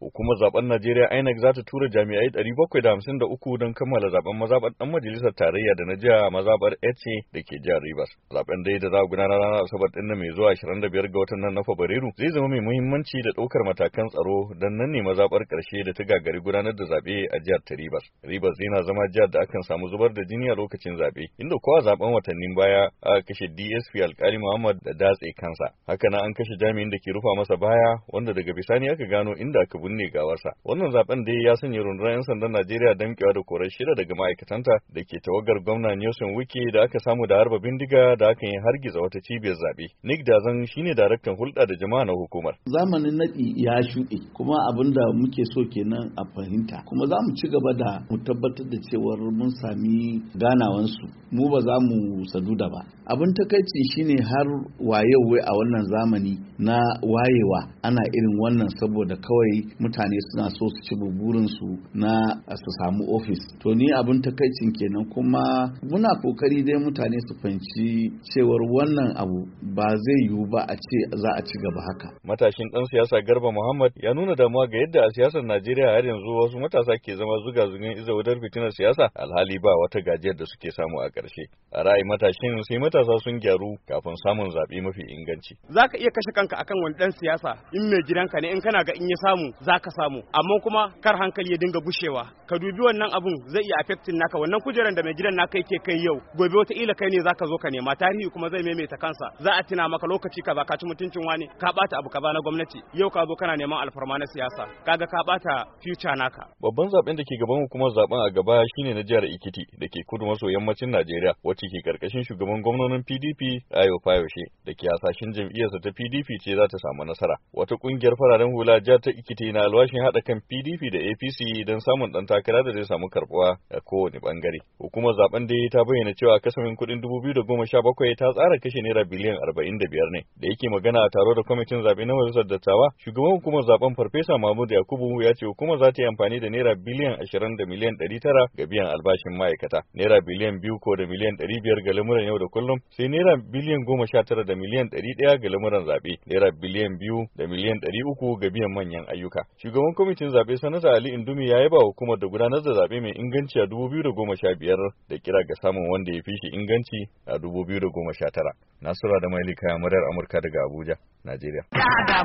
Hukumar zaben Najeriya INEC za ta tura jami'ai 753 don kammala zaben mazaɓar ɗan majalisar tarayya da na jiya mazaɓar Ece da ke jihar Rivers. Zaben dai da za a gudanar ranar Asabar ɗin mai zuwa 25 ga watan nan na Fabrairu zai zama mai muhimmanci da ɗaukar matakan tsaro don nan ne mazaɓar ƙarshe da ta gagari gudanar da zaɓe a jihar ta Rivers. Rivers yana zama jihar da akan samu zubar da jini a lokacin zaɓe, inda kowa zaben watannin baya a kashe DSP Alƙali Muhammad da datse kansa. Haka nan an kashe jami'in da ke rufa masa baya wanda daga bisani aka gano inda aka binne gawarsa wannan zaben dai ya sanya rundunar 'yan sandan najeriya damkewa da korar shida daga ma'aikatan ta da ke tawagar gwamna nelson wike da aka samu da harba bindiga da aka yi hargitsa wata cibiyar zaɓe nick dazan shine daraktan hulɗa da jama'a na hukumar zamanin naɗi ya shuɗe kuma abin da muke so kenan a fahimta kuma za mu ci gaba da mu tabbatar da cewar mun sami ganawansu mu ba za mu sadu da ba abin takaici shine har wayewa a wannan zamani na wayewa ana irin wannan saboda kawai mutane suna so su ci burinsu na su samu ofis to ni abin takaicin kenan kuma muna kokari dai mutane su fahimci cewar wannan abu ba zai yiwu ba a ce za a ci gaba haka matashin ɗan siyasa garba muhammad ya nuna damuwa ga yadda a siyasar najeriya har yanzu wasu matasa ke zama zuga zugan izawadar fitinar siyasa alhali ba wata gajiyar da suke samu a ƙarshe a ra'ayi matashin sai matasa sun gyaru kafin samun zaɓe mafi inganci za ka iya kashe kanka akan wani dan siyasa in mai gidanka ne in kana ga in ya samu za ka samu amma kuma kar hankali ya dinga bushewa ka dubi wannan abun zai iya affecting naka wannan kujeran da mai gidan naka yake kai yau gobe wata ila kai ne zaka zo ka nema tarihi kuma zai maimaita kansa za a tuna maka lokaci kaza ka ci mutuncin wani ka bata abu ka ba na gwamnati yau ka zo kana neman alfarma na siyasa kaga ka bata future naka babban zaben da ke gaban hukumar zaben a gaba shine na jihar Ikiti da ke kudu maso yammacin Najeriya wacce ke karkashin shugaban gwamnonin PDP Ayo Fayoshe da ke hasashen jam'iyyarsa ta PDP ce za ta samu nasara wata kungiyar fararen hula jihar ta Ikiti na alwashin haɗa kan PDP da APC don samun ɗan takara da zai samu karɓuwa a kowane ɓangare. Hukumar zaben dai ta bayyana cewa kasamin kuɗin 2017 ta tsara kashe naira biliyan 45 ne. Da yake magana a taro da kwamitin zaɓe na majalisar dattawa, shugaban hukumar zaben Farfesa Mahmud Yakubu ya ce hukumar za ta yi amfani da naira biliyan 20 da miliyan 900 ga biyan albashin ma'aikata, naira biliyan 2 ko da miliyan 500 ga lamuran yau da kullum, sai naira biliyan 19 da miliyan 100 ga lamuran zaɓe, naira biliyan 2 da miliyan 300 ga biyan manyan ayyuka. Shugaban kwamitin zaɓe sanata Ali Indumi ya yaba hukumar da gudanar da zaɓe mai inganci a 2015 da kira ga samun wanda ya fi shi inganci a 2019. Nasura da Maili kayan muryar Amurka daga Abuja, Najeriya. ya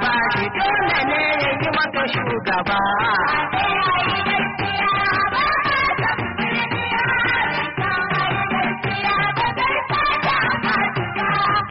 ba da shi sai mata shugaba.